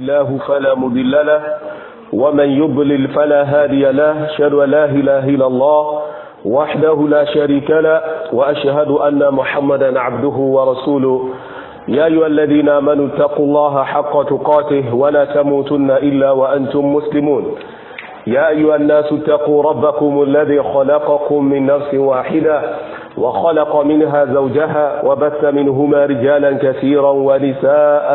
الله فلا مضل له ومن يضلل فلا هادي له اشهد ان لا اله الا الله وحده لا شريك له واشهد ان محمدا عبده ورسوله يا ايها الذين امنوا اتقوا الله حق تقاته ولا تموتن الا وانتم مسلمون يا ايها الناس اتقوا ربكم الذي خلقكم من نفس واحده وخلق منها زوجها وبث منهما رجالا كثيرا ونساء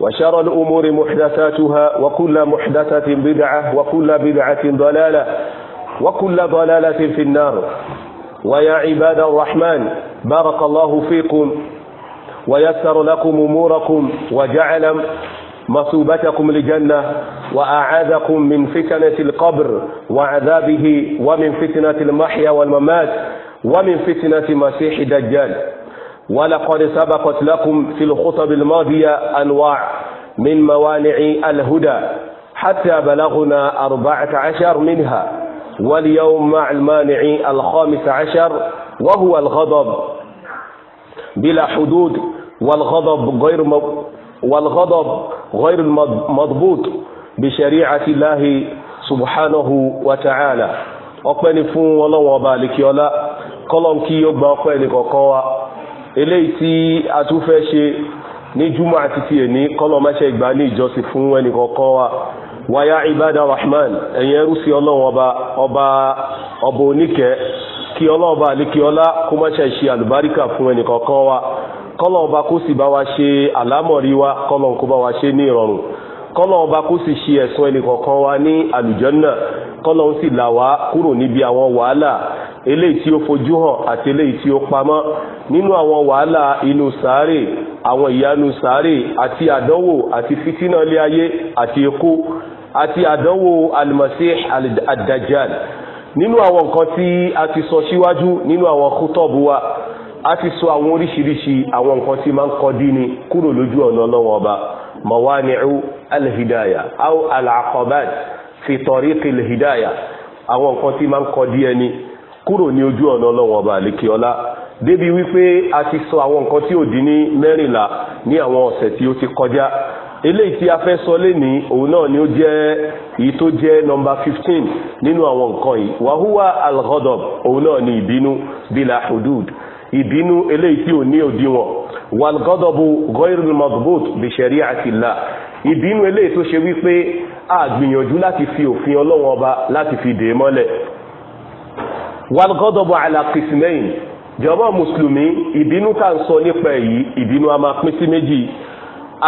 وشر الأمور محدثاتها وكل محدثة بدعة وكل بدعة ضلالة وكل ضلالة في النار ويا عباد الرحمن بارك الله فيكم ويسر لكم أموركم وجعل مصوبتكم لجنة وأعاذكم من فتنة القبر وعذابه ومن فتنة المحيا والممات ومن فتنة مسيح دجال ولقد سبقت لكم في الخطب الماضية أنواع من موانع الهدى حتى بلغنا أربعة عشر منها واليوم مع المانع الخامس عشر وهو الغضب بلا حدود والغضب غير والغضب غير مضبوط بشريعة الله سبحانه وتعالى أقبل فون ولا وبالك ọba àlekíọ́lá kọ́lọ́n kí أقبل eléyìí tí a tún fẹ́ ṣe ní júmọ́ àti tiẹ̀ ní kọ́lọ́mọṣẹ́ ìgbà ní ìjọsìn fún ẹnì wa wáyá ibada rahman ẹ̀yin ẹrú sí ọlọ́run ọba ọba ọba oníkẹ́ kí ọlọ́ọ̀ba àlékiọlá kó mọ́ṣẹ́ ṣe àlùbáríkà fún ẹnì wa kọ́lọ́ọ̀ba kó sì bá wa ṣe àlámọ̀rí wa kọ́lọ́ọ̀n kó bá kọ́lọ̀ ọba kó sì ṣe ẹ̀sùn ẹnì kọ̀ọ̀kan wa ní àlùjọ́nà kọ́lọ̀ ń sì là wá kúrò níbi àwọn wàhálà eléyìí tí ó fojú hàn àti eléyìí tí ó pamọ́ nínú àwọn wàhálà inú sàárè àwọn ìyanu sàárè àti àdánwò àti fìtínà ilé ayé àti ikú àti àdánwò al-Masih ad-Dajjal nínú àwọn nǹkan tí a ti sọ síwájú nínú àwọn kútọ́ọ̀bù wa a ti sọ àwọn oríṣiríṣi àwọn nǹkan tí máa ń kọ́ dí ni kúrò lójú ọ̀nà ọlọ́wọ́n ọba موانع alhidaya أو العقبات في طريق alhidaya أو nǹkan tí máa ń kọ díẹ̀ ni kúrò ní ojú ọ̀nà ọlọ́wọ̀n ọba àlékiọlá débi wípé a ti sọ àwọn nǹkan tí ò dín ní mẹ́rìnlá ní àwọn ọ̀sẹ̀ tí ó ti kọjá eléyìí tí a fẹ́ sọ lénìí òun náà ni ó jẹ́ èyí tó jẹ́ nọmba fifteen nínú àwọn nǹkan yìí wàhúwà alhodob òun náà ni ìbínú bílà ìbínú eléyìí tí ò ní òdiwọ̀n wàlgọ́dọ̀bù gọ́ìrì mọ̀gbọ́t bí ṣẹ̀rí àti là ìbínú eléyìí tó ṣe wípé a gbìyànjú láti fi òfin ọlọ́wọ́n ọba láti fi dè mọ́lẹ̀ wàlgọ́dọ̀bù alakismein jọba mùsùlùmí ìbínú tá à ń sọ nípa èyí ìbínú a máa pín sí méjì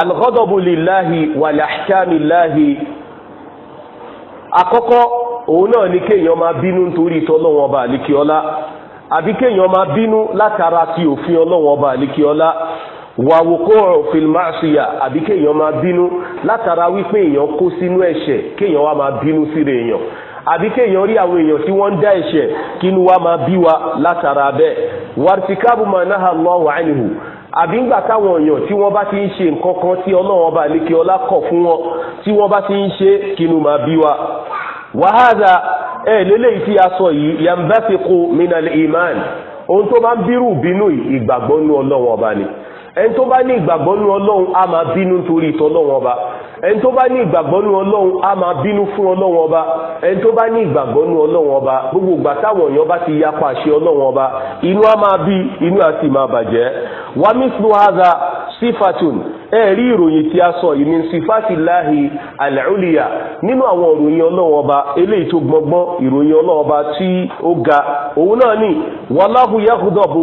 algọ́dọ̀bù lillahi wàlàṣàmìláhi àkọ́kọ́ àbí kéèyàn máa bínú látara ti òfin ọlọ́wọ́n ọba àlekíọ́lá wà wò kó ọ̀rọ̀ fìlmáṣíyà àbí kéèyàn máa bínú látara wípé èèyàn kó sínú ẹ̀ṣẹ̀ kéèyàn wá máa bínú síre èèyàn àbí kéèyàn rí àwọn èèyàn tí wọ́n ń dá ẹ̀ṣẹ̀ kí inú wa máa bí wa látara bẹ́ẹ̀ wàrtíkábù máa náà Allahu anhu àbí ń táwọn èèyàn tí wọ́n bá ti ń ṣe nǹkan kan tí ọlọ́run ọba àlékè kọ̀ fún wọn tí wọ́n bá ti ń ṣe kí inú máa bí wa wàhálà ẹ eh, lélẹ́yìí tí a sọ yìí yanbafiqu minal iman ohun tó máa ń bírù bínú ìgbàgbọ́ nú ọlọ́run ọba ni ẹni tó bá ní ìgbàgbọ́ nú ọlọ́run á máa bínú torí ìtọ́lọ́run ọba ẹni tó bá ní ìgbàgbọ́ nú ọlọ́run máa bínú ọba ẹni tó bá ní ìgbàgbọ́ nú ọba gbogbo ìgbà táwọn èèyàn bá ti yapa àṣẹ ọlọ́run ọba inú ẹ̀rí ìròyìn tí a sọ yìí ní sífàtì láhi àlẹ́ọ̀lìyà nínú àwọn òròyìn ọlọ́wọ́ ọba eléyìí tó ìròyìn ọlọ́wọ́ tí ó ga òun náà ni wàláhùyáhùdọ̀bù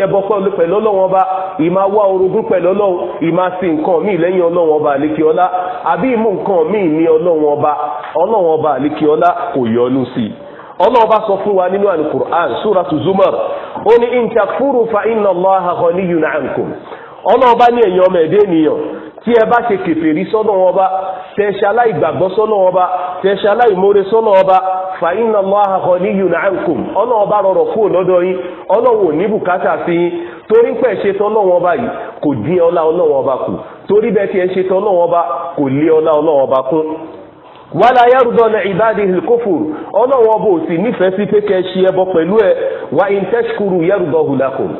ẹbọ pẹ̀lú ọlọ́wọ́n ọba ìmá wá orogún pẹ̀lú ọlọ́wọ́n ìmá sí nǹkan míì lẹ́yìn ọba àlékè ọlá àbí ìmú nǹkan míì ní ọba ọlọ́wọ́n ọba àlékè ọlá kò yọnu sí i ọlọ́wọ́n ọba sọ fún wa nínú zumar ó ní in takfuru fa inna allaha ghaniyyun ọba tí ẹ bá ṣe rí sọ́nà ọba tẹ̀ṣẹ̀ aláìgbàgbọ́ sọ́nà ọba sọ́nà ọba fa inna Allaha ghaniyyun ọ̀nà ọba rọrọ̀ kúrò lọ́dọ̀ yín ọ̀nà ní bùkátà sí yín torí ṣe tọ́nà ọba yìí kò dín ọlá ọ̀nà ọba kù torí bẹ́ẹ̀ tí ẹ ṣe tọ́nà ọba wala bò sí pé wa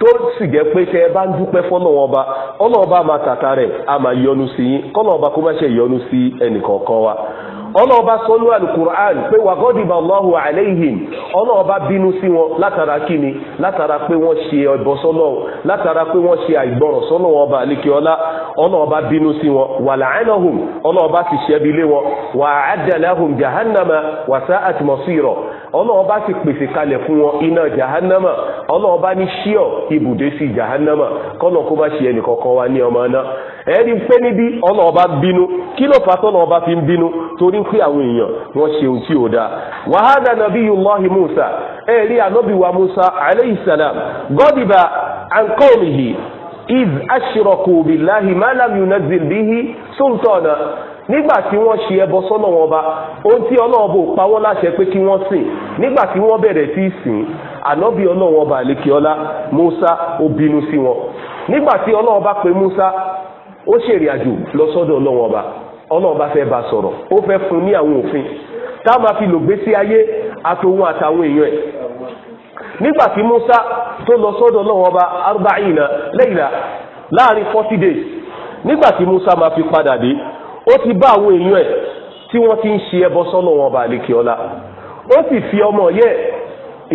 tó sì jẹ́ pé tẹ́ ẹ bá ń dúpẹ́ fọ́nà ọba ọlọ́ọba máa tàta rẹ̀ a máa yọnu sí yín kọ́nà ọba kó má ṣe sí ọlọ́ọ̀bá sọ́nú alukur'an pé wàgọ́dìbà Allahu alayhim ọlọ́ọ̀bá bínú sí wọn látara kíni látara pé wọ́n ṣe ẹbọ sọ́lọ́ látara pé wọ́n ṣe àìgbọràn sọ́nà wọn ọba àlekíọ́lá ọlọ́ọ̀bá bínú sí wọn wà láàánahùn ọlọ́ọ̀bá ti ṣẹ́bi lé wọn wà àdàláhùn jahannama wà sá àtìmọ̀sírọ̀ ọlọ́ọ̀bá ti pèsè kalẹ̀ fún wọn iná jahannama ọlọ́ọ̀bá ní ṣíọ̀ ibùdé sí jahannama kọ́nà kó má ṣe ẹnì kọ̀ọ̀kan wa ní ọmọ náà ẹni pé níbi ọlọ́ọ̀bá bínú kí ló fà tọ́nà ọba fi ń bínú torí pé àwọn èèyàn wọ́n ṣe ohun tí ò dáa wàhálà nabiyullahi musa ẹ̀ rí ànábìwá musa alayhi salam gọ́dìbà àǹkọ́ọ̀mìhì iz ashraku billahi ma lam yunazil bihi sultana nígbà tí wọ́n ṣe ẹbọ sọ́nà wọn ba ohun tí ọlọ́wọ́ bò pa wọ́n láṣẹ pé kí wọ́n sìn nígbà tí wọ́n bẹ̀rẹ̀ sí sìn ànábì ọlọ́wọ́ ba musa ó bínú sí wọn nígbà tí ọlọ́wọ́ bá musa ó ṣèrìn àjò lọ sọ́dọ̀ ọlọ́wọ́ ọlọ́run bá fẹ́ bá sọ̀rọ̀ ó fẹ́ fún ní àwọn òfin tá máa fi lò gbésí ayé àtòun àtàwọn èèyàn ẹ̀ nígbà tí Musa tó lọ sọ́dọ̀ ọba arba'ina layla láàrin 40 days nígbà Musa máa fi padà dé ti bá àwọn èèyàn ẹ̀ tí wọ́n ti ń ṣe ẹbọ sọ́nà wọn ọba àlekè ọlá ó sì fi ọmọ yẹ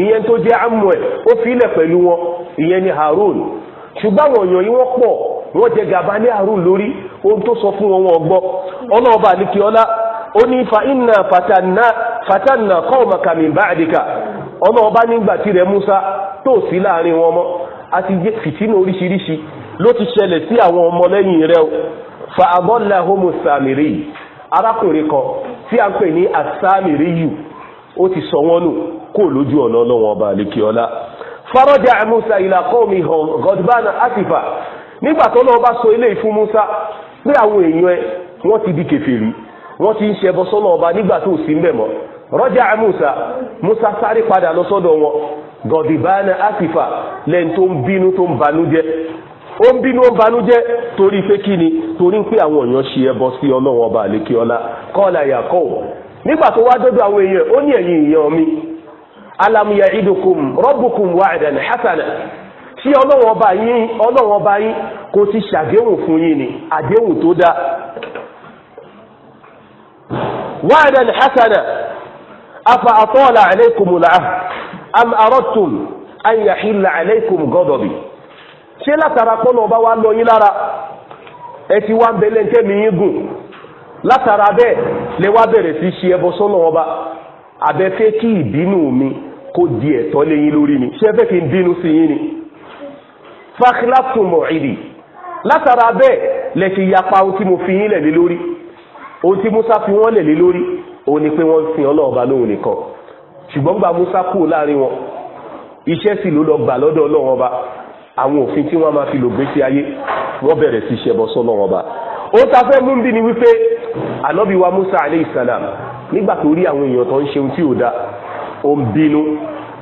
ìyẹn tó jẹ́ ẹ̀ ó fi ilẹ̀ pẹ̀lú wọn ìyẹn ni Harun ṣùgbọ́n àwọn èèyàn yìí wọ́n jẹ gàba ní àrùn lórí ohun tó sọ fún wọn ọgbọ́ ọlọ́ọ̀bà àlekíọ́lá ó ní fa inna fatanna fatanna qawmaka min ba'dika Ọlọ́ọ̀bà nígbà tí rẹ̀ Musa tó sí láàrin wọn mọ́ àti fìtínà oríṣiríṣi ló ti ṣẹlẹ̀ sí àwọn ọmọ lẹ́yìn rẹ̀ o fa adallahum samiri arákùnrin kan tí a ń pè ní asámìrí yù ó ti sọ wọ́n nù kó lójú ọ̀nà ọlọ́wọ́n ọba àlekíọ́lá faraja Musa ila qawmi hàn gọdbánà àtìfà nígbà tó lọ́ọ́ bá sọ eléyìí fún Musa pé àwọn èèyàn ẹ wọ́n ti di kèfèrí wọ́n ti ń ṣẹbọ sọ́nà ọba nígbà tó Musa Musa sáré padà lọ sọ́dọ̀ wọn gọ̀dìbánà àsìfà lẹ́ni tó ń bínú tó ń banújẹ́ ó ń bínú ó ń banújẹ́ torí pé kí ni torí pé àwọn èèyàn ṣe ẹbọ sí ọlọ́wọ́n ọba àlékè ọlá kọ́ọ̀lá nígbà tó wá dọ́dọ̀ àwọn èèyàn ó ní tí ọlọ́wọ́ ọba yín ọlọ́wọ́ ọba yín kò ti ṣàdéhùn fún yín ni àdéhùn tó dá hasana afa atala alaykumul ahd am aradtum an yahilla alaykum ghadabi ṣé látara pọ́nà ọba wa lọ yín lára ẹ ti wá bẹ́lẹ̀ ń tẹ́mi yín gùn látara bẹ́ẹ̀ lè wá bẹ̀rẹ̀ sí ṣe ẹbọ sọ́nà ọba kí ìbínú mi kó di ẹ̀tọ́ lé lórí mi ṣé ẹ fẹ́ kí n bínú sí yín ni. fákìlátù mọ̀ọ́ìdì látara bẹ́ẹ̀ lẹ ti yapa ohun tí mo fi yín lẹ̀ lé lórí ohun tí Musa fi wọ́n lẹ̀ lé lórí òun ni pé wọ́n fi Ọlọ́run ọba lóhùn nìkan ṣùgbọ́n gba Musa kúrò láàrin wọn iṣẹ́ sì ló lọ gbà lọ́dọ̀ Ọlọ́run ọba àwọn òfin tí wọ́n máa fi lò gbé sí ayé wọ́n bẹ̀rẹ̀ sí ṣẹbọ sọ́lọ́run ọba ó ta fẹ́ mú bí ni wípé ànábì Musa alayhi salam nígbà tó rí àwọn èèyàn tó ń ṣe tí ò da ó ń bínú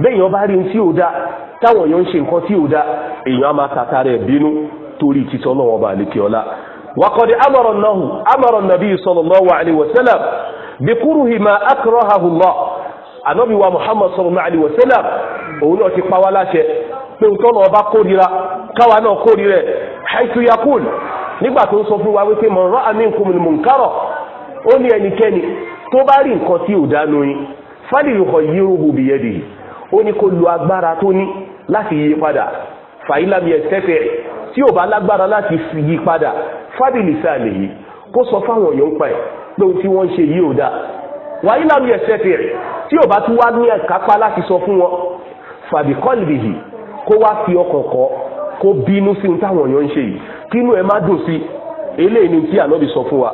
bẹ́ẹ̀ yẹn bá rí ohun tí ò da táwọn èèyàn ń ṣe nǹkan tí ò da èèyàn á máa tàta rẹ̀ bínú torí títọ́ náà wọn bá lè kí ọlá. wàkọ̀dé amọ̀rọ̀ náà amọ̀rọ̀ nàbí sallallahu alaihi wasallam bí kúrúhì máa akrahahu Allah ànábì wa muhammad sallallahu alaihi wasallam òun náà ti pa wá láṣẹ pé òun tọ́nà ọba kórira káwa náà kórira haitu yakul nígbà tó ń sọ fún wa wípé man ra'a minkumul munkara ó ní ẹnikẹ́ni tó bá rí nǹkan tí ò dá lóyún fálì yòókọ̀ yírùbù bìyẹ́dì yìí ó ní kó lo agbára tó ní láti yí padà fàílàmì ẹ̀tẹ́fẹ́ tí ò bá lágbára láti fi yí padà fábìlì sáà lè yí kó sọ fáwọn èèyàn pa ẹ̀ pé ohun tí wọ́n ń ṣe yìí ò dáa wàílàmì ẹ̀tẹ́fẹ́ tí ò bá tún wá ní ẹ̀kápá láti sọ fún wọn fàbíkọ́lì kó wá fi ọkàn kó bínú sí ohun táwọn èèyàn ń ṣe yìí kínú ẹ má dùn sí eléyìí ni tí ànábì sọ fún wa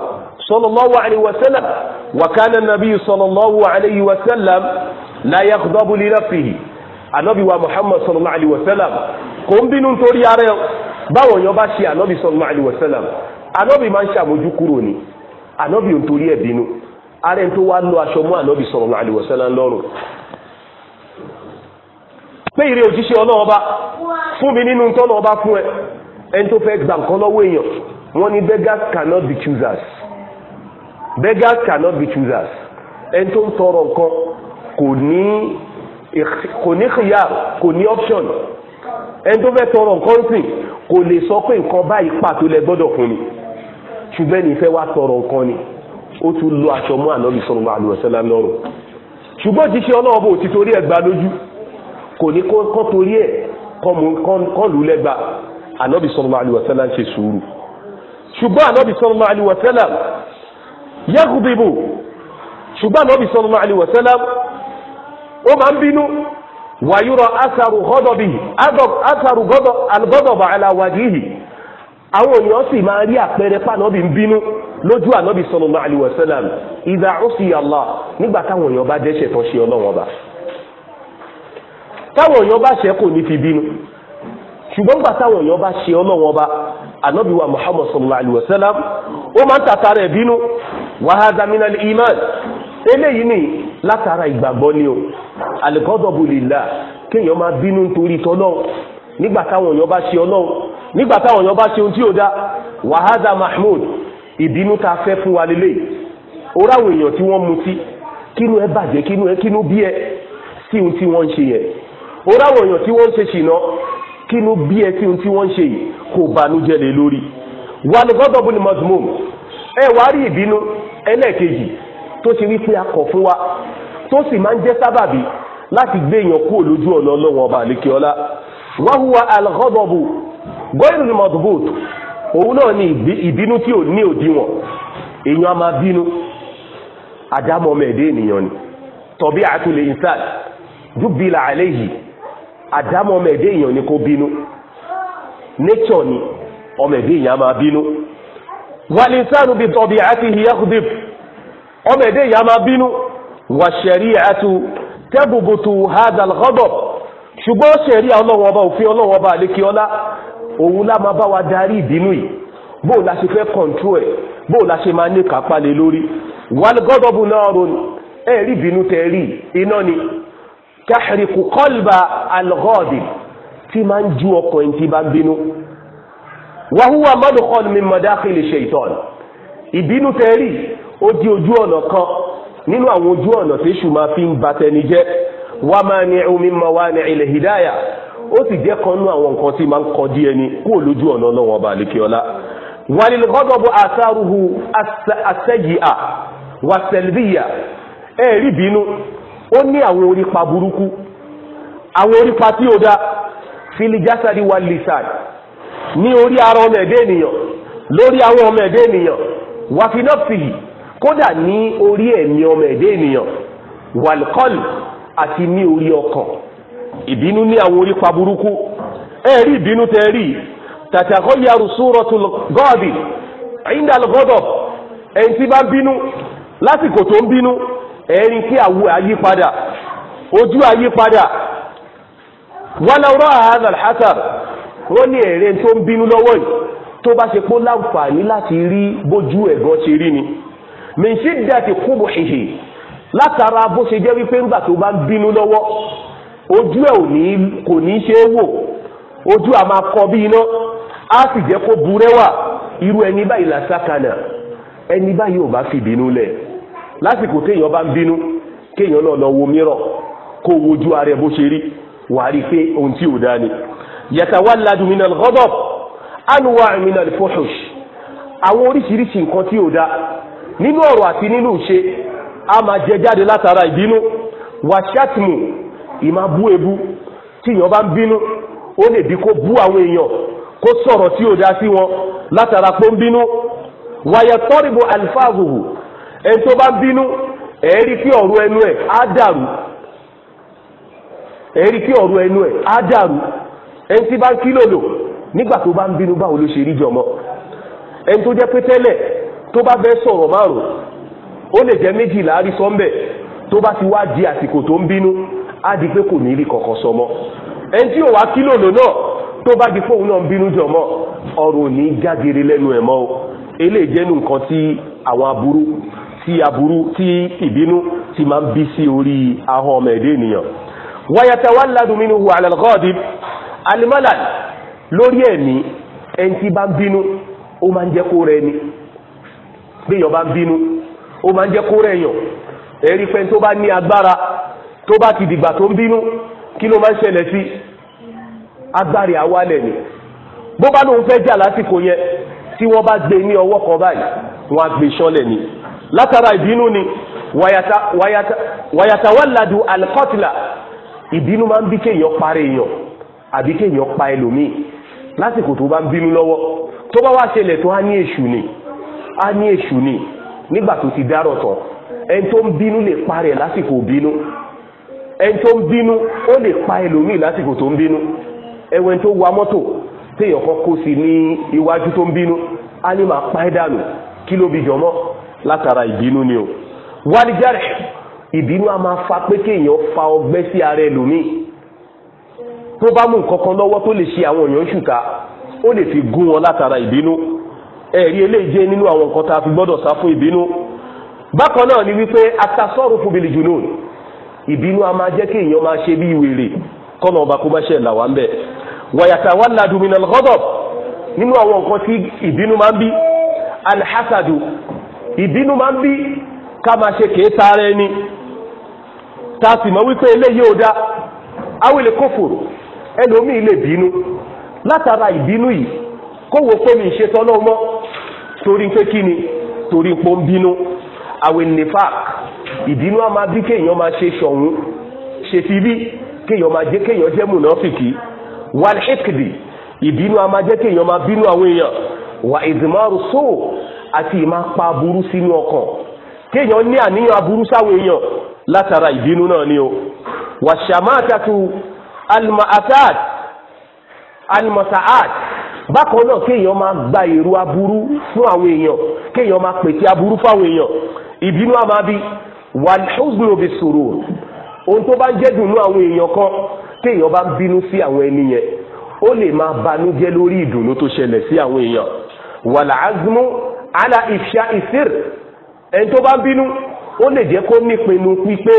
sallallahu alaihi wa sallam wa kana nabi sallallahu la yaghdabu li nafsihi ànábì wa muhammad sallallahu alayhi wa sallam kò ń bínú torí ara ẹ̀ báwọn èèyàn bá ṣe ànábì sallallahu alayhi wa sallam ànábì máa ń ṣàmójú kúrò ni ànábì ò ń torí ẹ̀ bínú ara ẹ̀ tó wá lọ aṣọ mú ànábì sallallahu alayhi wa sallam lọ́rùn pé ìrè òjíṣẹ́ ọlọ́wọ́ bá fún mi nínú tọ́nà ọba fún ẹ ẹni tó fẹ́ gbà nǹkan lọ́wọ́ èèyàn wọ́n ní beggars cannot be choosers beggars cannot be choosers ẹni tó ń tọrọ nǹkan kò ní kò ní kò ní option ẹni tó fẹ́ tọrọ nǹkan sìn kò lè sọ pé nǹkan báyìí pàtó lẹ gbọ́dọ̀ fún ni ṣùgbọ́n ẹni fẹ́ wá tọrọ nǹkan ni ó tún lo aṣọ mú ànábì sallallahu alaihi wasallam lọ́rùn ṣùgbọ́n jíṣẹ́ ọlọ́wọ́ bò ti torí ẹgbà lójú kò ní kọ́ torí ẹ̀ kọ́ lù lẹ́gbà ànábì sallallahu alaihi wasallam ń ṣe sùúrù ṣùgbọ́n ànábì sallallahu alaihi wasallam yaghdibu ṣùgbọ́n ànábì sallallahu alaihi wasallam ó máa ń bínú wàyúrọ asaru gọdọbi asaru gọdọ alugọdọba alawajihi àwọn ènìyàn sì máa rí àpẹẹrẹ pànọ́bì ń bínú lójú ànọ́bì sallallahu alaihi wasallam ìdá ọ̀sì Allah nígbà táwọn èèyàn bá dẹ́ṣẹ̀ tán ṣe ọlọ́wọ́n bá táwọn èèyàn bá ṣẹ̀ kò ní fi bínú ṣùgbọ́n nígbà táwọn èèyàn bá ṣe ọlọ́wọ́n bá wa Muhammad sallallahu wa wasallam ó máa iman eléyìí ni látara alikọ́dọ̀bù lillah kéèyàn máa bínú nítorí tọ́lọ́run nígbà táwọn èèyàn bá ṣe ọlọ́run nígbà táwọn èèyàn bá ṣe ohun tí ó dá wàhádà mahmud ìbínú ta fẹ́ fún wa lélẹ̀ orí àwọn èèyàn tí wọ́n mutí kínú ẹ bàjẹ́ kínú ẹ kínú bí ẹ sí ohun tí wọ́n ń ṣe yẹn orí àwọn èèyàn tí wọ́n ń ṣe ṣìnà kínú bí ẹ sí ohun tí wọ́n ń ṣe yìí kò bànújẹ́ lé lórí wàlúgọ́dọ̀bù ni ẹ wá láti gbé èèyàn kúrò lójú ọ̀nà ọlọ́wọ́n ọba àlékè ọlá wáhùwà alghadabu gọ́ìrì madbut òun náà ni ìbínú tí ò ní òdiwọ̀n èèyàn a máa bínú àdámọ́ mẹ́ẹ̀dẹ́ ènìyàn ni tọ́bí àtúlẹ̀ insan dúbìlà àléyìí àdámọ́ mẹ́ẹ̀dẹ́ èèyàn ni kó bínú nature ni ọmọ ẹ̀dẹ́ èèyàn a máa bínú wàlínsánù bí tọ́bí àti hiyakudif ọmọ ẹ̀dẹ́ èèyàn a máa bínú wàṣẹ̀rí àtú tẹ́bùbùtù hadal ghadab ṣùgbọ́n ṣẹ̀rí ọlọ́run ọba òfin ọlọ́run ọba àlékè ọlá òun lá máa bá wa darí ìbínú yìí bóò la ṣe fẹ́ kọ̀ǹtró ẹ̀ bóò la ṣe máa ní kápá lé lórí wal ghadabu narun ẹ̀rí ìbínú tẹ̀ rí iná ni tahriqu qalba al-ghadib tí máa ń ju ọkàn ẹni bá bínú wa huwa madkhal min madakhil shaytan nínú àwọn ojú ọ̀nà tí èṣù máa fi ń ba tẹni jẹ́ wá máa ní omi máa wá ní ilẹ̀ hidaya ó sì jẹ́ kan nú àwọn nǹkan tí máa ń kọ díẹ̀ ni lójú ọ̀nà ọba àsáruhu bínú ó ní àwọn orípa burúkú àwọn orípa tí ó dá wà lìsàn ní orí ara ọmọ ẹ̀dẹ́ ènìyàn lórí àwọn ọmọ ẹ̀dẹ́ ènìyàn kódà ní orí ẹ̀mí ọmọ ẹ̀dẹ́ ènìyàn wàlkọ́l àti ní orí ọkàn ìbínú ní àwọn orípa burúkú ẹ̀rí ìbínú tẹ́ rí tàtàkọ́ yaru suratul gọ́ọ̀dì indal gọ́dọ̀ ẹni tí bá ń bínú lásìkò tó ń bínú ẹ̀rí kí àwọ̀ àyípadà ojú àyípadà wàlọ́rọ̀ àhàzà hatar wọ́n ní ẹ̀rẹ́ tó ń bínú lọ́wọ́ yìí tó bá ṣe pó láǹfààní láti rí bójú ẹ̀gọ́ ṣe rí ni min shiddati qubuhihi látara bó ṣe jẹ́ wípé ńgbà tó bá ń bínú lọ́wọ́ ojú ẹ̀ kò ní ṣe é wò ojú àmà kọ bí iná á sì jẹ́ kó burẹ́wà irú ẹni báyìí làṣàkànà ẹni báyìí ò bá fi bínú lẹ̀ lásìkò téèyàn bá ń bínú kéèyàn náà lọ wo mìíràn kó wojú ara ẹ bó ṣe rí wàá rí i pé ohun tí ò dá ni yatawalladu minal ghadab anwa minal fuhush àwọn oríṣiríṣi nǹkan tí ò dá nínú ọ̀rọ̀ àti nínú ìṣe a máa jẹ jáde látara ìbínú wàṣátìmù ìmá bú ebú tí èèyàn bá ń bínú ó lè bí kó bú àwọn èèyàn kó sọ̀rọ̀ tí ò dá sí wọn látara pé ó ń bínú wàyà tọ́rìbù alifáàgùhù ẹni tó bá ń bínú ẹ̀ẹ́rí kí ọ̀rọ̀ ẹnu ẹ̀ á dàrú ẹ̀ẹ́rí kí ọ̀rọ̀ ẹnu ẹ̀ á dàrú ẹni tí bá ń kí nígbà tó bá ń bínú báwo ló ṣe rí jọmọ ẹni tó jẹ́ pé tó bá fẹ́ sọ̀rọ̀ márùn ó lè jẹ́ méjìlá rí sọ́ńbẹ̀ tó bá ti wá di àsìkò tó ń bínú á di pé kò ní rí kọ̀kọ̀ sọmọ ẹni tí ò wá kílò lò náà tó bá di fóun náà bínú jọ mọ́ ní jágere lẹ́nu ẹ̀ mọ́ o eléyìí jẹ́nu nǹkan tí àwọn aburú tí aburú tí ìbínú ti máa ń bí sí orí ahọ́n ọmọ ẹ̀dẹ́ ènìyàn wayatawalladu minhu ala al-ghadib al-malal lórí ẹ̀mí ẹni tí bá ń bínú ó máa ń jẹ́ kó rẹ ni béèyàn bá ń bínú ó máa ń jẹ́ kó rẹ̀yàn ẹ̀rí pé tó bá ní agbára tó bá ti dìgbà tó ń bínú kí ló máa ń ṣẹlẹ̀ sí agbárí awálẹ̀ ni bó bá lóun fẹ́ jà lásìkò yẹn tí wọ́n bá gbé ní ọwọ́ kan báyìí wọ́n á gbé sọ́lẹ̀ ni látara ìbínú ni wàyàtàwálàdù alkọ́tìlà ìbínú máa ń bí kéèyàn parí èèyàn àbí kéèyàn pa ẹlòmíì lásìkò tó bá ń bínú lọ́wọ́ tó bá wá ṣẹlẹ̀ tó á ní èṣù ni á ní èṣù ni nígbà tó ti dárọ̀ tán ẹni tó ń bínú lè parẹ́ lásìkò bínú ẹni tó ń bínú ó lè pa ẹlòmíì lásìkò tó ń bínú ẹwẹ́n tó wa mọ́tò téèyàn kan kó sí ní iwájú tó ń bínú á ní máa pa ẹ́ dànù kí ló bí jọmọ́ látara ìbínú ni o wálíjàrẹ̀ ìbínú a máa fa pé kéèyàn fa ọgbẹ́ sí ara ẹlòmíì tó bá mú nǹkan kan lọ́wọ́ tó lè ṣe àwọn èèyàn ṣùkà ó lè fi gún wọn látara ìbínú ẹ̀rí eléyìí jẹ́ nínú àwọn nǹkan ta fi gbọ́dọ̀ sá fún ìbínú bákan náà ni wípé atasọ́rù fún bìlì jù lónìí ìbínú a máa jẹ́ kí èèyàn máa ṣe bí ìwèrè kọ́nà ọba kó má ṣe là wá ń bẹ̀ wàyàtà wà ládù mí náà lọ́dọ̀ nínú àwọn nǹkan tí ìbínú máa ń bí alhasadu ìbínú máa ń bí ká máa ṣe kéé ele ara ẹni sì wípé eléyìí ò dá awele kófòrò ẹlòmíì lè bínú látara ìbínú torí pé kí ni torí pé ó ń bínú àwẹ̀ nífà ìbínú a máa bí kéèyàn máa ṣe ṣọ̀hún ṣe ti bí kéèyàn máa jẹ́ kéèyàn jẹ́ mùnáfìkì wà ní ìkìdì ìbínú a máa jẹ́ kéèyàn máa bínú àwọn èèyàn wà ìdìmọ́rù só àti ìmá pa aburú sínú ọkàn kéèyàn ní àníyàn aburú sáwọn èèyàn látara ìbínú náà ni o wà ṣàmáàtàtù almasaat bákan náà kéèyàn máa gba èrò aburú fún àwọn èèyàn kéèyàn máa pètè aburú fáwọn èèyàn ìbínú á máa bí wàlúùgbìn òbí sòrò ohun tó bá ń jẹ́ dùnú àwọn èèyàn kan kéèyàn bá ń bínú sí àwọn ẹni yẹn ó lè máa banújẹ́ lórí ìdùnnú tó ṣẹlẹ̀ sí àwọn èèyàn wàlà azmú ala ìfṣà ìsír ẹni tó bá ń bínú ó lè jẹ́ kó nípinnu pípé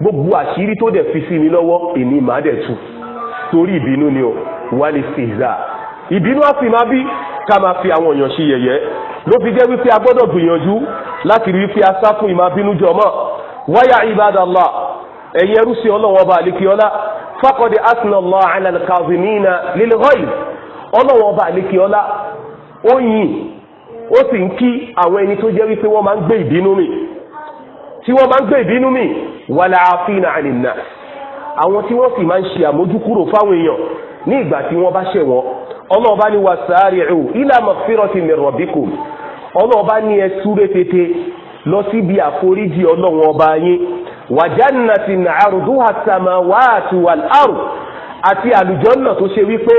gbogbo àṣírí tó dẹ̀ fi sí mi lọ́wọ́ èmi ìbínú á sì máa bí ká máa fi àwọn èèyàn ṣe yẹ̀yẹ́ ló fi jẹ́ wípé a gbọ́dọ̀ gbìyànjú láti rí wípé a sá fún ìmá bínú jọmọ́ wáyà ibadallah ẹ̀yin ẹrú sí ọlọ́wọ́ ọba àlekíọ́lá faqad asna Allah ala al-kazimina lil-ghayb ọlọ́wọ́ ọba àlekíọ́lá ó yìn ó sì ń kí àwọn ẹni tó jẹ́ wípé wọ́n máa ń gbé ìbínú mi tí wọ́n máa ń gbé ìbínú mi wala afina aninnas àwọn tí wọ́n sì máa ń ṣe àmójúkúrò fáwọn èèyàn ní ìgbà tí wọ́n bá ṣẹ̀ wọ́n ọlọ́ọ̀bá ni wà sari'u ila magfirati min rabbikum ọlọ́ọ̀bá ni ẹ súré tètè lọ síbi àforíjì ọlọ́run ọba yín wa jannatin 'arduha as-samawati wal ard àti àlùjọ́nà tó ṣe wípé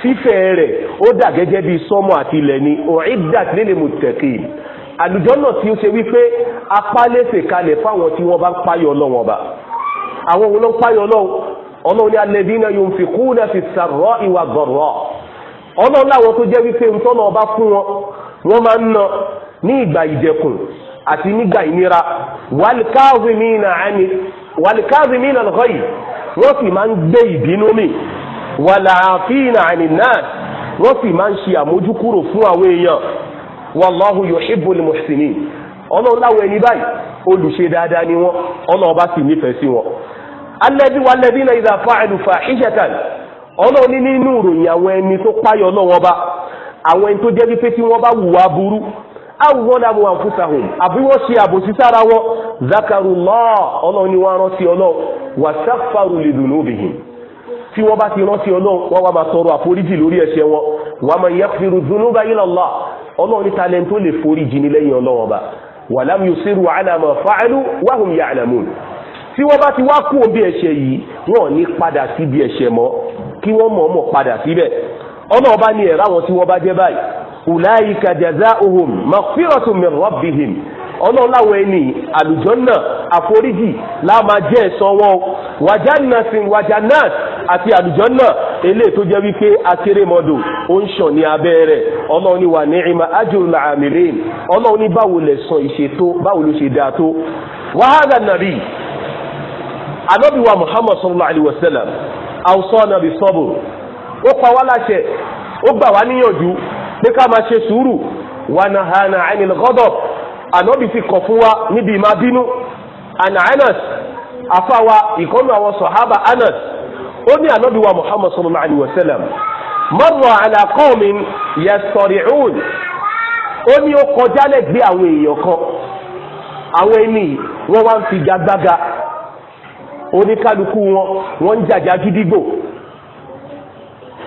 fífẹ̀ rẹ̀ ó dà gẹ́gẹ́ bí sọ́mọ̀ àti ilẹ̀ ni u'iddat lil muttaqin àlùjọ́nà tí ó ṣe wípé apálẹ́sẹ̀ kalẹ̀ fáwọn tí wọ́n bá ń páyọ̀ ọlọ́wọ́n ọba àwọn òun ló ń páyọ̀ ọlọ́wọ́ ọlọ́wọ́ ní alladhina yunfiquna fi s-sarra'i wa ọlọ́run láwọn tó jẹ́ wípé ntọ́nà ọba fún wọn wọ́n máa ń ná ní ìgbà ìdẹ̀kùn àti nígbà ìnira wàlíkàzìmínà àní wàlíkàzìmínà lọ́kọ́ yìí wọ́n sì máa ń gbé ìbínú mi wàlàáfínà àní wọ́n sì máa ń ṣe àmójúkúrò fún àwọn èèyàn wàláhù yuhibbul muhsinin ọlọ́run láwọn ẹni báyìí olùṣe dáadáa ni wọ́n ọlọ́run sì nífẹ̀ẹ́ sí wọn. alladhi walladhina idha fa'alu fahishatan ọlọ́run ní nínú ìròyìn àwọn ẹni tó páyọ̀ náà wọ́n bá àwọn ẹni tó jẹ́ wípé tí wọ́n bá wùwà burú àwọn àbò àǹfùsàhùn àbí wọ́n ṣe àbòsí sára wọn zakarullah ọlọ́run ni wọ́n rántí ọlọ́run wàṣàfàrù lè dùn lóbìhì tí wọ́n bá ti rántí ọlọ́run wọ́n wá máa tọrọ àforíjì lórí ẹ̀ṣẹ̀ wọn wọ́n máa yẹ fìrù dùnúbà ila Allah ọlọ́run ní talẹ̀ tó lè foríjì ní lẹ́yìn bá ti wá kú kí wọ́n mọ̀ mọ̀ padà síbẹ̀ ọlọ́ọ̀bá ni ẹ̀rọ àwọn tí wọ́n bá jẹ́ báyìí ulaika jazaohum maghfiratun min rabbihim ọlọ́láwọ̀ ẹni àlùjọ́nà àforíjì láàmà jẹ́ ẹ̀sán wọn wàjánasin wàjánat àti àlùjọ́nà eléyìí tó jẹ́ wípé akérèmọdò ó ń ṣàn ní abẹ́ rẹ̀ ọlọ́run ní wà ní ìmọ̀ ajrul amilin ọlọ́run ní báwo lè san ìṣètò báwo ló ṣe dáa tó wàhálà nàbí anábìwà muhammad sallallahu alayhi wa sallam àwùsọ́nà bí sọ́bù ó pa wá láṣẹ ó gbà wá níyànjú pé ká máa ṣe sùúrù wà náà hànà àìníl gọ́dọ̀ ànábì ti kọ̀ fún wa níbi ìmá bínú àná anas afáwa ìkọ́nù àwọn sọ̀hábà anas ó ní ànábì wa muhammad sallallahu alayhi wa sallam marra ala qawmin yasari'un ó ní ó kọjá lẹ́gbẹ̀ẹ́ àwọn èèyàn kan àwọn ẹni wọ́n wá ń figagbága oníkálukú wọn wọ́n ń jàjà gídígbò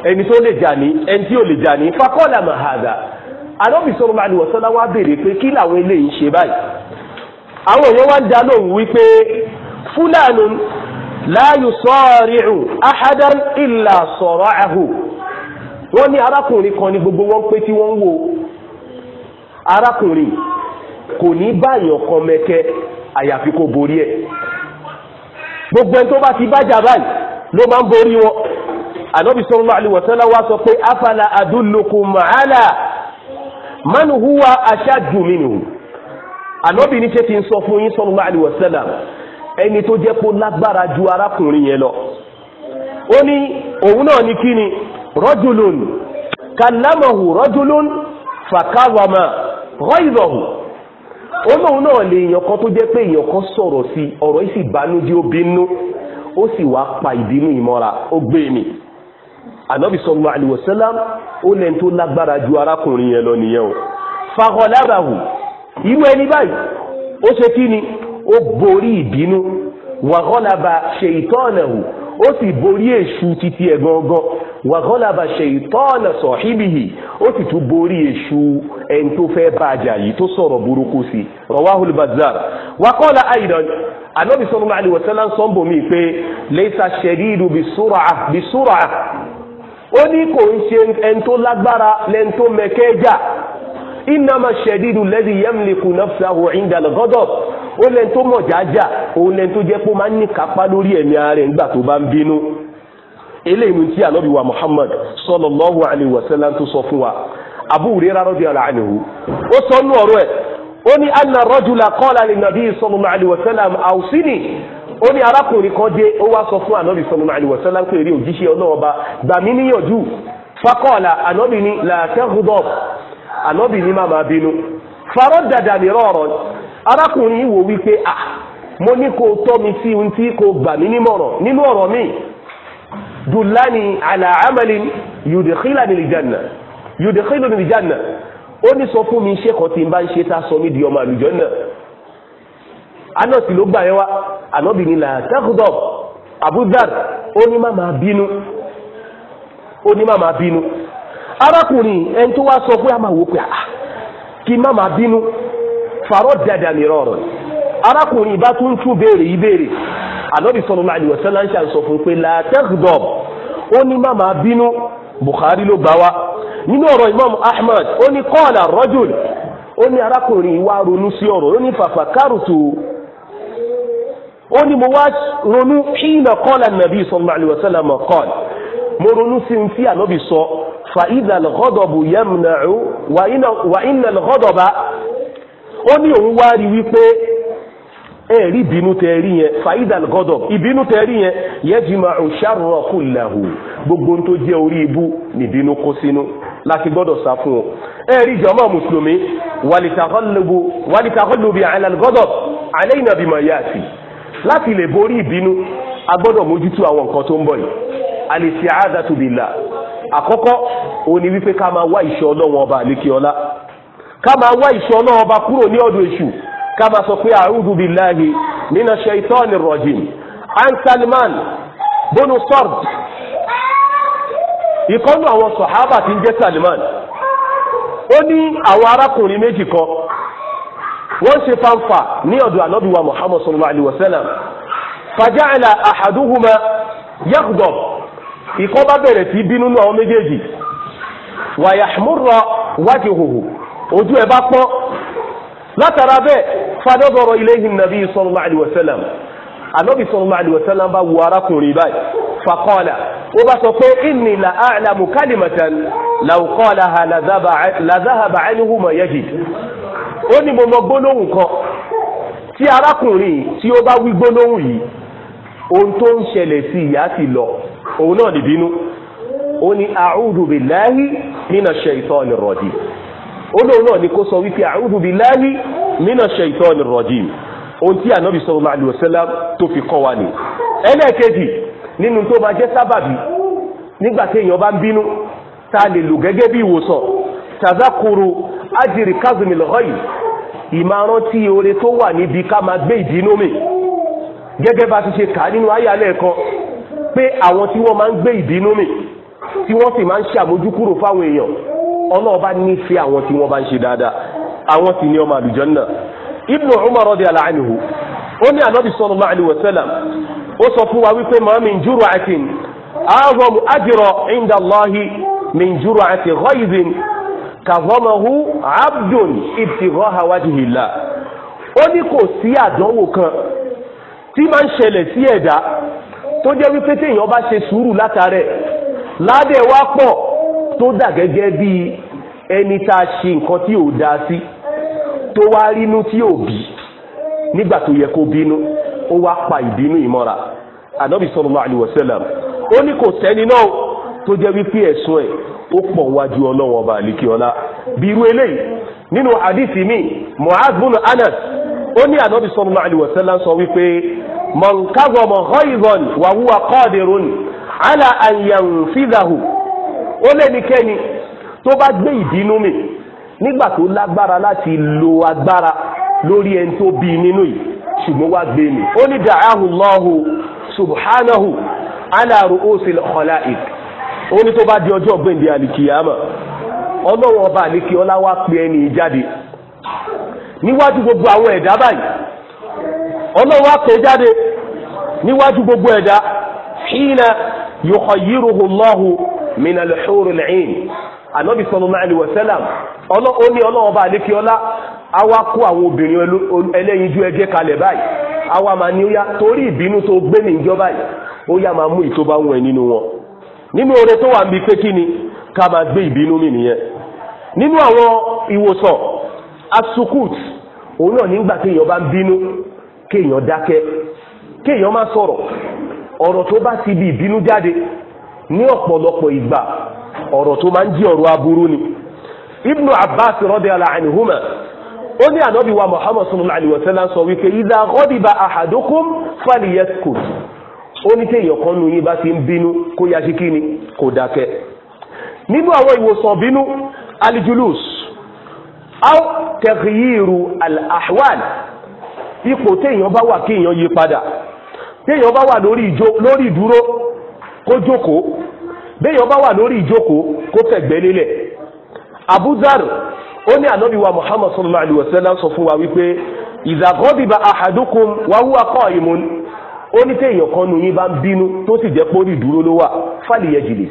ẹni tó lè jà ní ẹni tí ò lè jà ní fakọ́lá mahada anábì sọ̀rọ̀ máa ní wọ̀sán láwọn á béèrè pé kí làwọn eléyìí ń ṣe báyìí àwọn èèyàn wá ń dá lóhùn wípé fúlàní láàyò sọ́ọ̀rìrù áhádán ìlà sọ̀rọ̀ àhù wọ́n ní arákùnrin kan ní gbogbo wọn pé tí wọ́n wo arákùnrin kò ní báyọ̀ kan mẹ́kẹ́ àyàfi kó borí ẹ̀ gbogbo ẹni tó bá ti bájà báyìí ló máa ń borí wọn ànábì sallallahu alaihi wasallam wá sọ pé afala adullukum ala man huwa ashaddu minhu ànábì ní ṣe ti ń sọ fún yín sallallahu alaihi wasallam ẹni tó jẹ́ kó lágbára ju arákùnrin yẹn lọ ó ní òun náà ní kíni rajulun kallamahu rajulun fakawama ghayzahu olóhùn náà lè èèyàn kan tó jẹ́ pé èèyàn kan sọ̀rọ̀ sí ọ̀rọ̀ yìí sì di ó sì wá pa ìbínú ìmọ́ra ó gbé mi e ànábì sallallahu alaihi ó tó lágbára ju arákùnrin yẹn lọ nìyẹn o ẹni báyìí ó ṣe kí ni ó borí ìbínú wàhọ́lábà ṣe ìtọ́ọ̀nà hù ó sì borí èṣù wa ghalaba shaytana sahibihi ó sì tún borí èṣù ẹni tó fẹ́ bá a jà yìí tó sọ̀rọ̀ burúkú sí rawahul bazzar wa qala aidan anabi sallallahu alaihi wasallam sọ́nbọ̀ mi pé laysa shadidu bisur'ah bisur'ah ó ní kò ń ṣe ẹni tó lágbára lẹ́ni tó mẹ́kẹ́jà innama shadidu lladhi yamliku nafsahu inda al-ghadab ó lẹ́ni eléyìí tí ànábì wa Muhammad sallallahu alayhi wa sallam tó sọ fún wa Abu Hurairah radiyallahu anhu ó sọ nú ọ̀rọ̀ ẹ̀ ó ní anna rajula qala li nabi sallallahu alayhi wa sallam awsini ó ní arákùnrin kan dé ó wá sọ fún ànábì sallallahu alayhi wa sallam pé èrè òjíṣẹ́ ọlọ́ọ̀ba gbà mí níyànjú fakọ́ọ̀lá ànábì ni la taghdab ànábì ni má máa bínú farọ́ dàdà ah, tọ́ mi sí ohun tí kò gbà mí nímọ̀ràn nínú ọ̀rọ̀ mi dùlání àlàámẹ́lì yùdìkílàní lìjànà yùdìkílàní lìjànà ó ní sọ fún mi iṣẹ́ kan tí n bá ń ṣe tá a sọ mí di ọmọ àlùjànnà aná sì ló gbà yẹn wá ànábì ni là tẹ́kùdọ̀ abudar ó ní má máa bínú ó ní má máa bínú arákùnrin ẹni tó wá sọ pé a máa wò pé a ah, kí má máa bínú fàrọ̀ dàdà mìíràn rọ̀ arákùnrin ìbá tún tún béèrè ìbéèrè ànábì sallallahu alaihi wasallam ń sọ fún pé la taghdab ó ní má máa bínú Bukhari ló gbà wá nínú ọ̀rọ̀ Imam Ahmad ó ní qala ar-rajul ó ní arákùnrin wa ronú sí ọ̀rọ̀ ó ní fafakarutu ó ní mo wá ronú hina qala an-nabi sallallahu alaihi wasallam qala mo ronú sí n tí ànábì sọ fa idha al-ghadabu yamna'u wa ó ní òun wá rí wípé ẹ̀rí ìbínú tẹ rí yẹn faidal gọdọ ìbínú tẹ rí yẹn yẹjìmọ òṣàrọ kùlàhù gbogbo tó jẹ orí ibú nìbínú kó sínú láti gbọdọ sá fún ọ ẹ̀rí jọmọ mùsùlùmí wàlìtàkọlùbí àlàgọdọ àlẹyìnàbìmọ yáàtì láti lè borí ìbínú a gbọdọ mójútó àwọn nǹkan tó ń bọ̀ yìí àlèsí àádàtúbìlà àkọ́kọ́ òní wípé ká máa wá ìṣọ́ ọlọ́wọ́n ọba àlékíọlá ká máa wá ìṣọ́ ọlọ́wọ́n ọba kúrò ní ọ̀dọ̀ èṣù ká máa sọ pé a'udhu billahi mina shaytani rajim an Salman bonu sord ìkọ́nù àwọn sọ̀hábà tí ń jẹ́ Salman ó ní àwọn arákùnrin méjì kan wọ́n ṣe fanfa ní ọ̀dọ̀ ànábì wa Muhammad sallallahu alayhi wa sallam faja'ala ahaduhuma yaghdab ìkọ́ bá bẹ̀rẹ̀ sí bínú nú àwọn méjèèjì wa yahmurra wajhuhu ojú ẹ̀ bá pọ́n látara bẹ́ẹ̀ fadọ́dọ̀rọ̀ iléyìn nàbí sallallahu alaihi wasallam ànábì sallallahu alaihi wasallam bá wo arákùnrin báyìí faqala ó bá sọ pé inni la a'lamu kalimatan law qalaha la dhahaba anhu ma yajid ó ní mo mọ gbólóhùn kan tí arákùnrin tí ó bá wí gbólóhùn yìí ohun tó ń ṣẹlẹ̀ sí ìyá ti lọ òun náà dìbínú ó ní a'udhu billahi minash shaitanir rajim olóhùn náà ni kó sọ wípé a'udhu billahi minash shaitonir rajim ohun tí ànábì sallallahu alaihi wasallam tó fi kọ́ wa ni. ẹlẹ́ẹ̀kejì nínú tó máa jẹ́ sábàbí nígbà tí èèyàn bá ń bínú tá a lè lò gẹ́gẹ́ bí ìwòsàn tazakuru ajiri kazimil ghayb ìmọ̀ràn tí oore tó wà níbi ká máa gbé ìbínú mì gẹ́gẹ́ bá ti ṣe kà nínú ayálẹ̀ kan pé àwọn tí wọ́n máa ń gbé ìbínú mì tí wọ́n sì máa ń ṣàmójúkúrò fáwọn èèyàn ọlọ́run bá nífẹ̀ẹ́ àwọn tí wọ́n bá ń ṣe dáadáa àwọn tí ní ọmọ àlùjánnà Ibn Umar radiyallahu anhu ó ní ànábì sallallahu alaihi wasallam ó sọ fún wa wípé ma min jur'atin a'zamu ajran 'inda Allahi min jur'ati ghaizin kazamahu 'abdun ibtigha'a wajhillah ó ní kò sí àdánwò kan tí máa ń ṣẹlẹ̀ sí ẹ̀dá tó jẹ́ wípé téèyàn bá ṣe sùúrù látàrẹ̀ ládẹ̀ wá pọ̀ tó dà gẹ́gẹ́ bí ẹni tá a ṣe nǹkan tí ò da sí tó wá rínú tí ò bí nígbà tó yẹ kó bínú ó wá pa ìbínú ìmọ́ra ànábì sallallahu alaihi wasallam ó ní kò sẹ́ni náà tó jẹ́ wípé ẹ̀sùn ẹ̀ ó pọ̀ wájú ọlọ́wọ́ ọba àlìkíọ́lá bí irú eléyìí nínú hadisi mi Mu'adh bin Anas ó ní ànábì sallallahu alaihi wasallam sọ wípé man kazama ghayzan wa huwa qadirun ó lẹ́nikẹ́ni tó bá gbé ìbínú mi nígbà tó lágbára láti lo agbára lórí ẹni tó bí nínú yìí ṣùgbọ́n wá gbé mi ó ní da'ahu Allahu subhanahu ala ru'usil khalaiq ó ní tó bá di ọjọ́ gbẹ̀ndé àlìkìyàmà ọlọ́wọ́ ọba àlìkì ọlá wá pe ẹni jáde níwájú gbogbo àwọn ẹ̀dá báyìí ọlọ́wọ́ á pè jáde níwájú gbogbo ẹ̀dá hina yukhayyiruhu mina lẹ́xúrú lẹ́yìn anabi sallallahu alaihi wasallam ó ní ọlọ́wọ́n bá adékíọ́lá àwa kó àwọn eje ẹlẹ́yinjú ẹgbẹ́ kalẹ̀ báyìí àwa máa ibinu ó yá wọn wọn bi ni ká máa gbé mi nìyẹn nínú àwọn ìwòsàn asukut òun náà nígbà kéèyàn bá ń bínú kéèyàn dákẹ́ kéèyàn má sọ̀rọ̀ ọ̀rọ̀ tó ní ọ̀pọ̀lọpọ̀ ìgbà ọ̀rọ̀ tó máa ń jí ọ̀rọ̀ aburú ni ibnu abbas radiyallahu anhuma ó ní ànábì wa muhammad sọ wípé idha ghadiba ahadukum onye onye onye onye onye onye onye alijulus aw taghyiru al-ahwal ipò téèyàn bá wà yí padà téèyàn bá wà lórí ìdúró kó jókòó béèyàn bá wà lórí ìjókòó kó fẹ̀gbẹ́ lélẹ̀ abuzar ó ní ànábì wa muhammad sallallahu alayhi wa sallam sọ fún wa wípé ìzàgọ́dìbà ahadukum wa huwa qa'imun ó ní tí èèyàn kan nu yín bá ń bínú tó sì jẹ́ pé ó ní dúró ló wà fàlìyẹ jìlì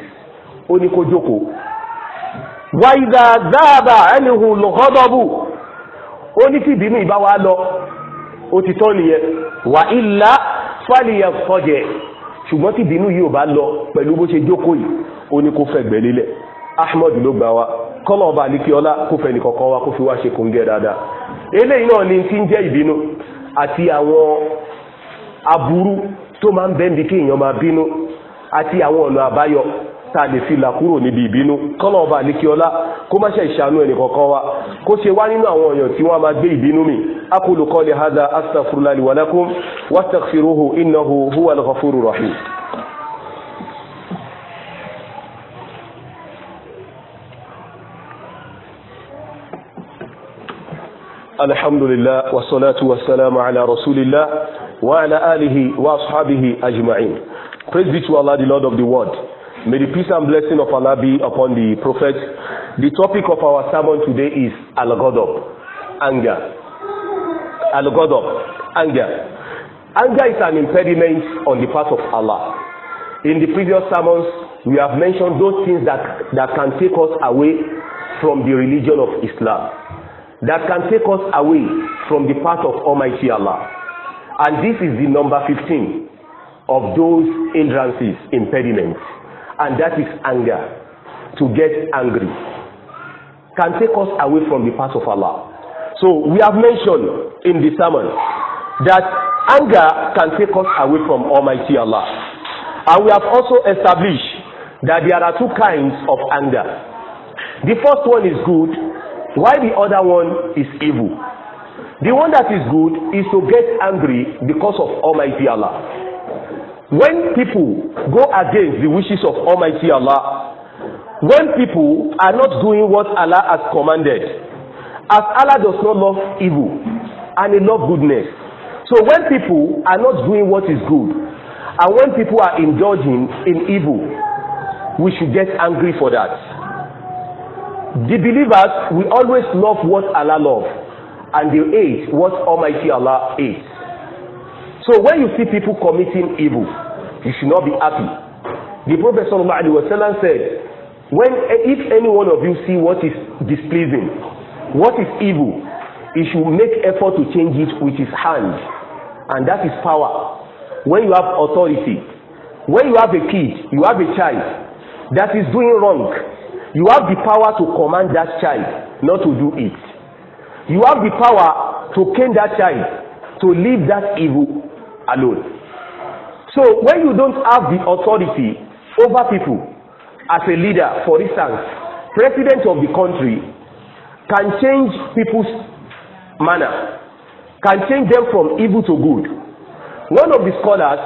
ó ní kó jókòó wa idha dhaba anhu al ó ní tí ìbínú ìbá wa lọ ó ti tọ́ nìyẹn wa illa fàlìyẹ fọjẹ ṣùgbọ́n tí ìbínú yìí bá lọ pẹ̀lú bó ṣe jókòó yìí ó ní kó fẹ̀gbẹ́ ahmed ló gbà wá kọ́lọ̀ ọba àlíkíọ́lá kó fẹ́ wá kó fi wá ṣe kòńgẹ́ dáadáa ni ti ń jẹ́ ìbínú àti àwọn aburú tó máa ń bẹ́ẹ̀ bí kéèyàn máa bínú àti àwọn ọ̀nà àbáyọ ta lè fi là kúrò níbi ìbínú kọ́nà ọba àlékiọlá kó má ṣe ìṣàánú ẹnì kọ̀ọ̀kan wa kó ṣe wá nínú àwọn èèyàn tí wọ́n máa gbé ìbínú mi aqulu qawli hadha astaghfirullahi wa lakum wastaghfiruhu innahu huwal ghafurur rahim. alhamdulillah wasalatu ala rasulillah wa ala alihi wa ashabihi ajma'in praise be to Allah the Lord of the world May the peace and blessing of Allah be upon the Prophet. The topic of our sermon today is Al-Ghadab, anger. Al-Ghadab, anger. Anger is an impediment on the part of Allah. In the previous sermons, we have mentioned those things that, that can take us away from the religion of Islam, that can take us away from the path of Almighty Allah. And this is the number 15 of those hindrances, impediments and that is anger to get angry can take us away from the path of Allah so we have mentioned in the sermon that anger can take us away from Almighty Allah and we have also established that there are two kinds of anger the first one is good while the other one is evil the one that is good is to get angry because of Almighty Allah when people go against the wishes of Almighty Allah, when people are not doing what Allah has commanded, as Allah does not love evil and He loves goodness. So when people are not doing what is good, and when people are indulging in evil, we should get angry for that. The believers, we always love what Allah loves, and they hate what Almighty Allah hates. So when you see people committing evil, He should not be happy. The Prophet sallallahu alaihi wasallam said, when, eh, if any one of you see what is displeasing, what is evil, he should make effort to change it with his hand. And that is power. When you have authority, when you have a kid, you have a child that is doing wrong, you have the power to command that child not to do it. You have the power to cane that child to leave that evil alone. So when you don't have the authority over people as a leader, for instance, president of the country can change people's manner, can change them from evil to good. One of the scholars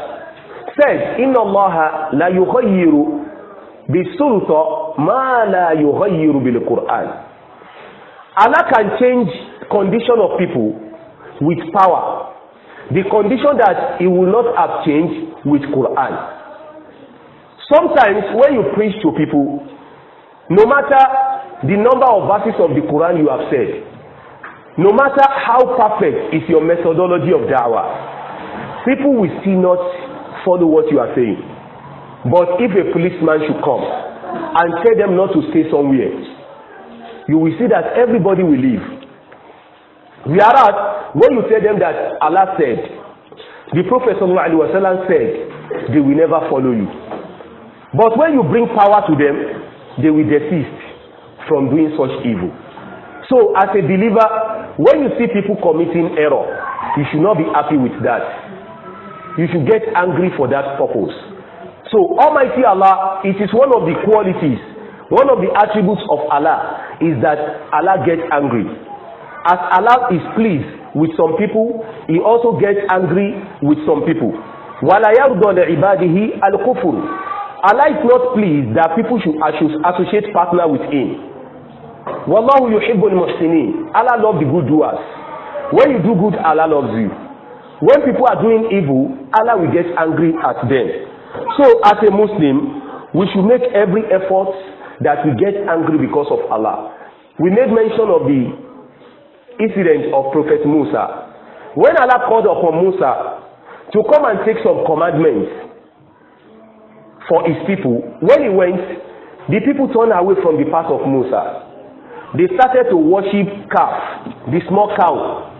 said, Inna Allah la yughayyiru sulta ma la yughayyiru bil Quran. Allah can change condition of people with power The condition that it will not have changed with Quran. Sometimes when you preach to people, no matter the number of verses of the Quran you have said, no matter how perfect is your methodology of dawah, people will still not follow what you are saying. But if a policeman should come and tell them not to stay somewhere, you will see that everybody will leave. Whereas When you tell them that Allah said, the Prophet sallallahu alaihi wasallam said, they will never follow you. But when you bring power to them, they will desist from doing such evil. So as a deliver, when you see people committing error, you should not be happy with that. You should get angry for that purpose. So Almighty Allah, it is one of the qualities, one of the attributes of Allah is that Allah gets angry. As Allah is pleased with some people he also gets angry with some people wala yarudọ le ibadihi alukufuru Allah is not pleased that people should associate partner with him wallahu yuhibbul muhsinin Allah love the good doers when you do good Allah loves you when people are doing evil Allah will get angry at them so as a Muslim we should make every effort that we get angry because of Allah we made mention of the incident of Prophet Musa. When Allah called upon Musa to come and take some commandments for his people, when he went, the people turned away from the path of Musa. They started to worship calf, the small cow.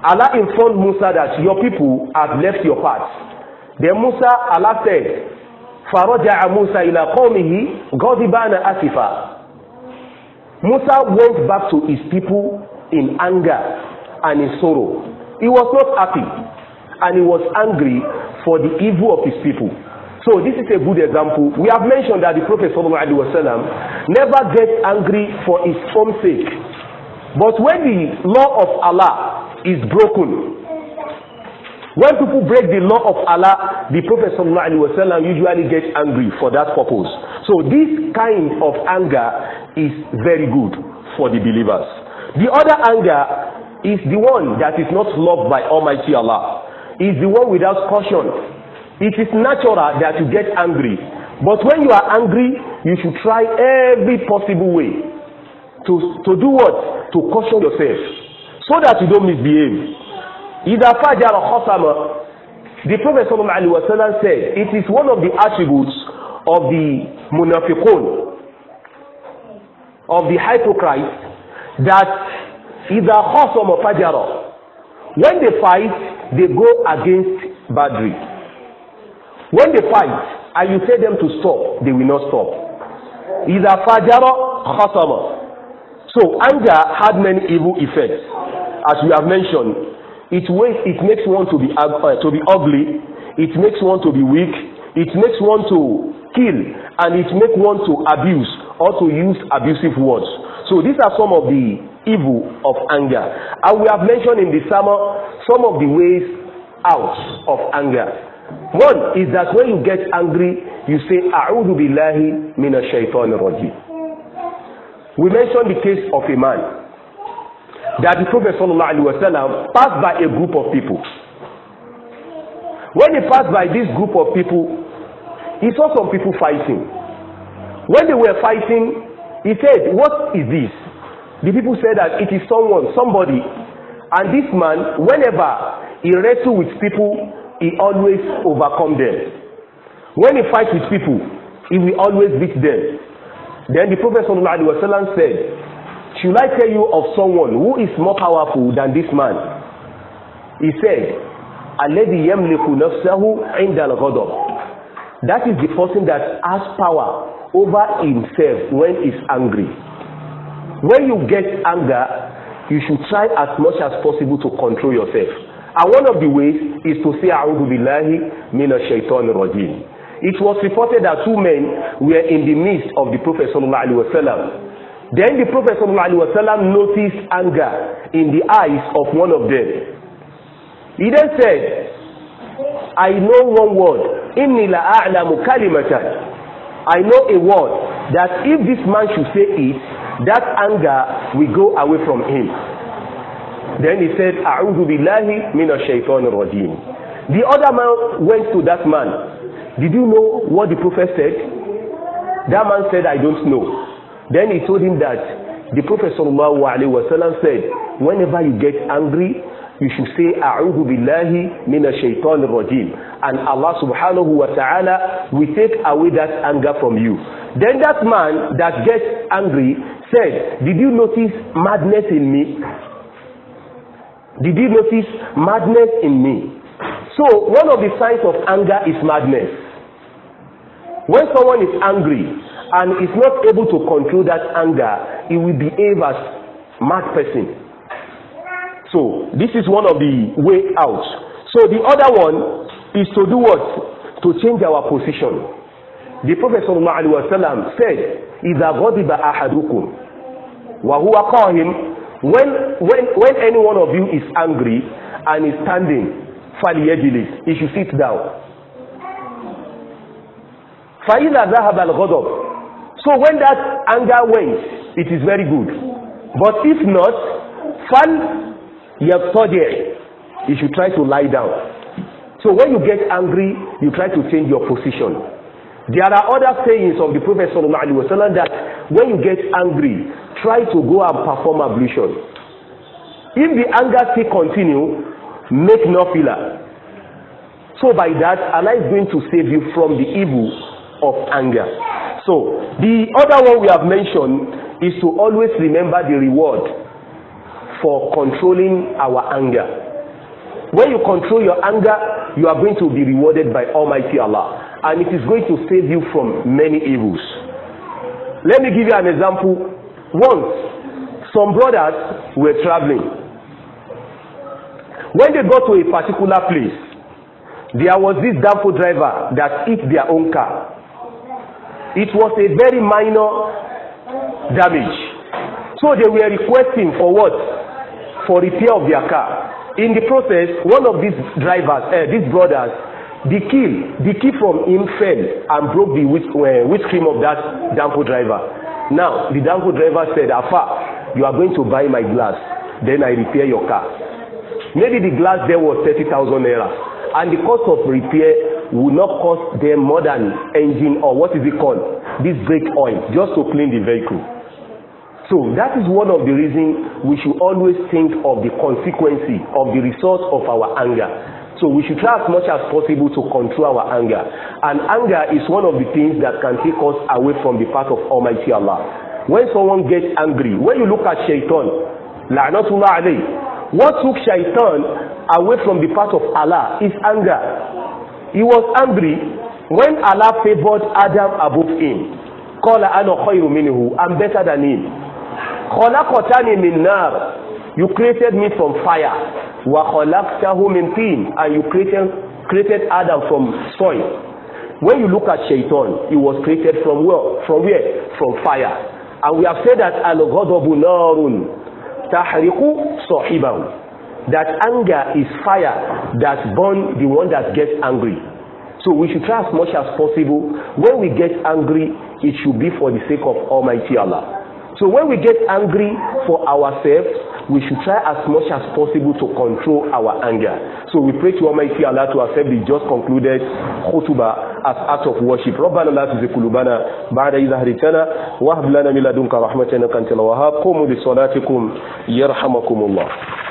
Allah informed Musa that your people have left your path. Then Musa, Allah said, Faroja Musa ila qawmihi ghadiban asifa. Musa went back to his people in anger and in sorrow. He was not happy and he was angry for the evil of his people. So this is a good example. We have mentioned that the Prophet sallallahu alaihi wasallam never gets angry for his own sake. But when the law of Allah is broken, when people break the law of Allah, the Prophet sallallahu alaihi wasallam usually gets angry for that purpose. So this kind of anger is very good for the believers. The other anger is the one that is not loved by Almighty Allah. Is the one without caution. It is natural that you get angry. But when you are angry, you should try every possible way to, to do what? To caution yourself so that you don't misbehave. إذا فجر خصما the Prophet sallallahu alaihi wasallam said it is one of the attributes of the munafiqun of the hypocrites that إذا or فجر when they fight they go against badri. when they fight and you tell them to stop they will not stop إذا فجر خصم so anger had many evil effects as we have mentioned it ways it makes one to be uh, to be ugly it makes one to be weak it makes one to kill and it makes one to abuse or to use abusive words So these are some of the evil of anger. And we have mentioned in the sermon some of the ways out of anger. One is that when you get angry, you say, A'udhu billahi mina shaitan Raji." We mentioned the case of a man that the Prophet sallallahu alaihi wasallam passed by a group of people. When he passed by this group of people, he saw some people fighting. When they were fighting, He said, what is this? The people said that it is someone, somebody. And this man, whenever he wrestle with people, he always overcome them. When he fight with people, he will always beat them. Then the Prophet sallallahu alaihi wasallam said, should I tell you of someone who is more powerful than this man? He said, alladhi yamliku nafsahu inda al-ghadab. That is the person that has power over himself when he's angry. When you get anger, you should try as much as possible to control yourself. And one of the ways is to say, A'udhu billahi mina shaitan rajim. It was reported that two men were in the midst of the Prophet sallallahu alaihi wasallam. Then the Prophet sallallahu alaihi wasallam noticed anger in the eyes of one of them. He then said, I know one word, inni la a'lamu kalimatan I know a word that if this man should say it, that anger will go away from him. Then he said, A'udhu billahi mina shaitan rajim. The other man went to that man. Did you know what the prophet said? That man said, I don't know. Then he told him that the prophet sallallahu alaihi wasallam said, whenever you get angry, you should say a'udhu billahi mina shaitan rajim and Allah subhanahu wa ta'ala will take away that anger from you then that man that gets angry said did you notice madness in me did you notice madness in me so one of the signs of anger is madness when someone is angry and is not able to control that anger he will behave as mad person So this is one of the way out. So the other one is to do what? To change our position. The Prophet sallallahu alaihi wasallam said, "Idha ghadiba ahadukum wa huwa qahim." When when when any one of you is angry and is standing, falyajlis, he should sit down. Fa'idha dhahaba al-ghadab. So when that anger went, it is very good. But if not, fal You yaqtadi' you should try to lie down so when you get angry you try to change your position there are other sayings of the prophet sallallahu alaihi wasallam that when you get angry try to go and perform ablution if the anger still continue make no nafila so by that Allah is going to save you from the evil of anger so the other one we have mentioned is to always remember the reward for controlling our anger. When you control your anger, you are going to be rewarded by Almighty Allah, and it is going to save you from many evils. Let me give you an example. Once, some brothers were traveling. When they go to a particular place, there was this downfall driver that hit their own car. It was a very minor damage. So they were requesting for what? for repair of their car. In the process, one of these drivers, uh, these brothers, the key, the key from him fell and broke the whisk, uh, eh, windscreen of that danfo driver. Now, the danfo driver said, Afa, you are going to buy my glass, then I repair your car. Maybe the glass there was thirty thousand naira, and the cost of repair would not cost them more than engine or what is it called, this brake oil, just to clean the vehicle. So that is one of the reasons we should always think of the consequences of the result of our anger. So we should try as much as possible to control our anger. And anger is one of the things that can take us away from the path of Almighty Allah. When someone gets angry, when you look at Shaitan, la'natullah alayh, what took Shaitan away from the path of Allah is anger. He was angry when Allah favored Adam above him. Qala ana khayru minhu, I'm better than him khalaqtani min nar you created me from fire wa khalaqtahu min tin and you created created Adam from soil when you look at shaitan he was created from where from where from fire and we have said that al-ghadabu narun tahriqu sahibahu that anger is fire that burn the one that gets angry so we should try as much as possible when we get angry it should be for the sake of Almighty Allah So when we get angry for ourselves, we should try as much as possible to control our anger. So we pray to Almighty Allah to accept the just concluded khutbah as act of worship. ربنا لا تزغ قلوبنا بعد إذ هديتنا وهب لنا من لدنك رحمة إنك أنت الوهاب قوموا بصلاتكم يرحمكم الله.